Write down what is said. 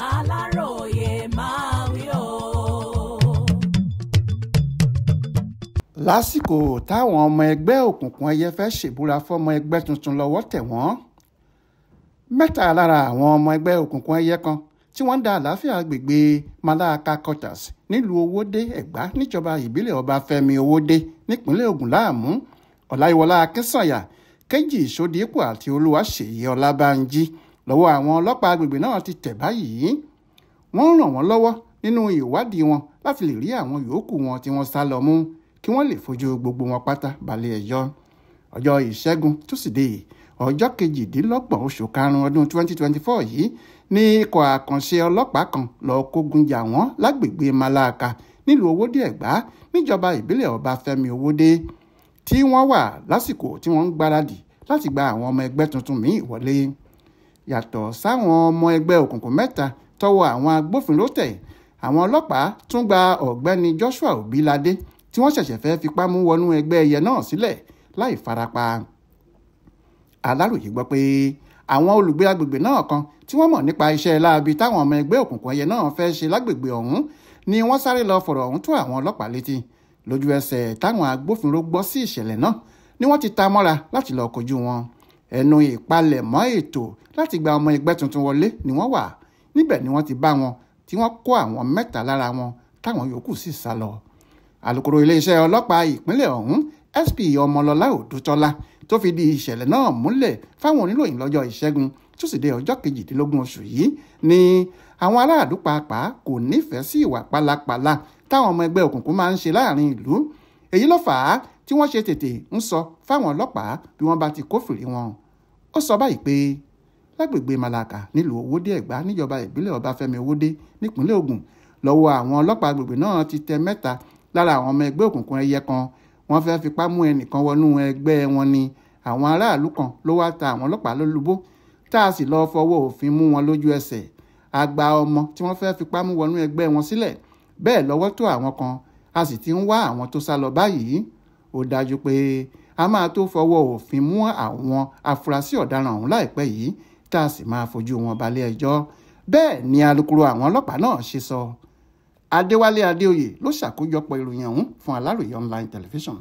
aláròye máa wí o. lásìkò táwọn ọmọ ẹgbẹ́ òkùnkùn ẹyẹ fẹ́ ṣèbúra fọ́mọ ẹgbẹ́ tuntun lọ́wọ́ tẹ̀ wọ́n mẹ́ta lára àwọn ọmọ ẹgbẹ́ òkùnkùn ẹyẹ kan tí wọ́n ń da àlàáfíà agbègbè malaka quarters nílùú owóde ẹ̀gbá níjọba ìbílẹ̀ ọbáfẹ́mi owóde nípínlẹ̀ ògùn láàmú ọ̀làyíwọlá akínsànyà kéjì ìṣòdípò àti olúwaṣèyí ọlábánjí lọ́wọ́ àwọn ọlọ́pàá agbègbè náà ti tẹ̀ báyìí wọ́n ń ràn wọ́n lọ́wọ́ nínú ìwádìí wọn láti lè rí àwọn yòókù wọn tí wọ́n sá lọ mú kí wọ́n lè fojú gbogbo wọn pátá balẹ̀ ẹjọ́ ọjọ́ ìṣẹ́gun túsídẹ̀ẹ́ ọjọ́ kejìdínlọ́gbọ̀n oṣù karùn-ún ọdún 2024 yìí ní ikọ̀ àkànṣe ọlọ́pàá kan lọ́ọ́ kógun jà wọ́n lágbègbè Malaka nílùú Owódé-Ẹ̀gbá níjọba ìbílẹ̀ Ọbáfẹ́mi Owódé tí wọ́n wà lásìkò tí wọ́n ń gbáradì láti gba àwọn ọmọ ẹgbẹ́ tuntun míì wọlé yàtọ̀ sáwọn ọmọ ẹgbẹ́ òkùnkùn mẹ́ta tọwọ́ àwọn agbófinró tẹ̀ àwọn ọlọ́pàá tún gba ọ̀gbẹ́ni Joshua Obilade tí wọ́n ṣẹ̀ṣẹ̀ fẹ́ fipá mú wọnú ẹgbẹ́ ẹyẹ náà sílẹ̀ láì farapa aláròye gbọ́ pé àwọn olùgbé agbègbè náà kan tí wọ́n mọ̀ nípa iṣẹ́ láabi táwọn ọmọ ẹgbẹ́ òkùnkùn ẹyẹ náà fẹ́ ṣe lágbègbè ọ̀hún ni wọ́n sáré lọ fọ̀rọ̀ ọ̀hún tó àwọn ọlọ́pàá létí lójú ẹsẹ̀ táwọn agbófinró gbọ́ sí ìṣẹ̀lẹ̀ náà ni wọ́n ti ta mọ́ra láti lọ́ọ́ kojú wọn ẹnu ìpalẹ̀mọ́ ètò láti gba ọmọ ẹgbẹ́ tuntun wọlé ni wọ́n wà níbẹ̀ ni wọ́n ti bá wọn tí wọ́n kó àwọn mẹ́ta lára wọn táwọn yòókù sì sá lọ. alūkkóró iléeṣẹ́ ọlọ́pàá ìpínlẹ̀ ọ̀hún sp ọmọlọlá òdútọ́lá tó fi di ìṣẹ̀lẹ̀ náà múlẹ̀ fáwọn oníròyìn lọ́jọ́ ìṣẹ́gun túsìdeè ọjọ́ kejìdínlógún oṣù yìí ni àwọn aráàlú pàápàá kò nífẹ̀ẹ́ sí ìwà pálapàla táwọn ọmọ ẹgbẹ́ òkùnkùn máa ń ṣe láàrin ìlú èyí ló fà á tí wọ́n ṣe tètè ń sọ fáwọn ọlọ́pàá bí wọ́n bá ti kófìrí wọn ó sọ báyìí pé lágbègbè Malaka nílùú Owódé Ẹ̀gbá níjọba ìbílẹ̀ Ọbáfẹ́mi Owódé nípínlẹ̀ Ògùn lọ́wọ́ àwọn ọlọ́pàá agbègbè náà ti tẹ mẹ́ta lára àwọn ọmọ ẹgbẹ́ òkùnkùn ẹyẹ kan wọ́n fẹ́ fipá mú ẹnìkan wọnú ẹgbẹ́ wọn ni àwọn aráàlú kan ló wá ta àwọn ọlọ́pàá lólobó tá a sì lọ́ọ́ fọwọ́ òfin mú wọn lójú ẹsẹ̀ a ọmọ tí wọ́n fẹ́ fipá mú wọnú ẹgbẹ́ wọn sílẹ̀ bẹ́ẹ̀ lọ́wọ́ tó àwọn kan a sì ti ń wá àwọn tó sá lọ báyìí ó dájú pé a máa tó fọwọ́ òfin mú àwọn afurasí ọ̀daràn ọ̀hún láìpẹ́ yìí tá a sì máa fojú wọn balẹ̀ ẹjọ́ bẹ́ẹ̀ ni alukoro àwọn ọlọ́pàá náà ṣe sọ adéwálé adéoyè ló ṣàkójọpọ̀ ìròyìn ọ̀hún fún aláròye online television.